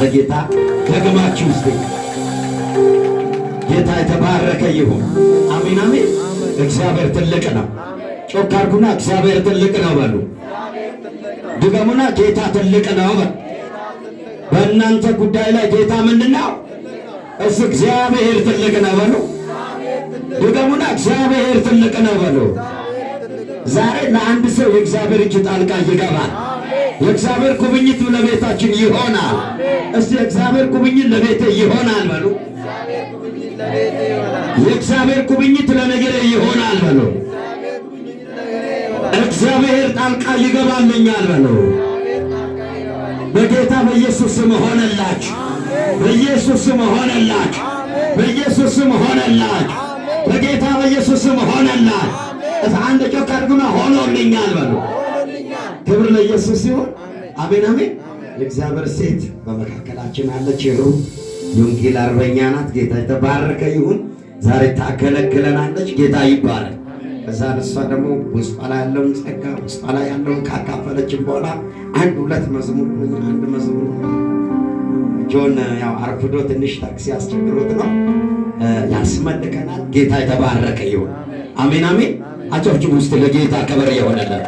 ለጌታ ደግማችሁ ስ ጌታ የተባረከ ይሁን። አሜን አሜን። እግዚአብሔር ትልቅ ነው። ጮክ አድርጉና እግዚአብሔር ትልቅ ነው በሉ። ድገሙና ጌታ ትልቅ ነው በሉ። በእናንተ ጉዳይ ላይ ጌታ ምንድን ነው? እሱ እግዚአብሔር ትልቅ ነው በሉ። ድገሙና እግዚአብሔር ትልቅ ነው በሉ። ዛሬ ለአንድ ሰው የእግዚአብሔር እጅ ጣልቃ ይገባል። የእግዚአብሔር ጉብኝቱ ለቤታችን ይሆናል። እስቲ የእግዚአብሔር ጉብኝት ለቤቴ ይሆናል በሉ። የእግዚአብሔር ጉብኝት ለነገሬ ይሆናል በሉ። እግዚአብሔር ጣልቃ ይገባልኛል በሉ። በጌታ በኢየሱስ ስም ሆነላችሁ። በኢየሱስ ስም ሆነላችሁ። በኢየሱስ ስም ሆነላችሁ። በጌታ በኢየሱስ ስም ሆነላችሁ። እዛ አንድ ጮክ አድርጉና ሆኖልኛል በሉ። ክብር ለኢየሱስ ሲሆን አሜን አሜን። የእግዚአብሔር ሴት በመካከላችን አለች። የሩም ወንጌል አርበኛ ናት። ጌታ የተባረከ ይሁን። ዛሬ ታገለግለናለች። ጌታ ይባረክ። ከዛ እሷ ደግሞ ውስጧ ላይ ያለውን ጸጋ ውስጧ ላይ ያለውን ካካፈለችን በኋላ አንድ ሁለት መዝሙር አንድ መዝሙር ጆን ያው አርፍዶ ትንሽ ታክሲ አስቸግሮት ነው ያስመልከናል። ጌታ የተባረከ ይሁን። አሜን አሜን። አጨብጭቡ ውስጥ ለጌታ ከበር የሆነለት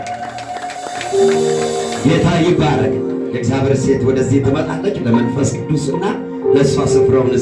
ጌታ ይባረክ። የእግዚአብሔር ሴት ወደዚህ ትመጣለች። ለመንፈስ ቅዱስና ለእሷ ስፍራውን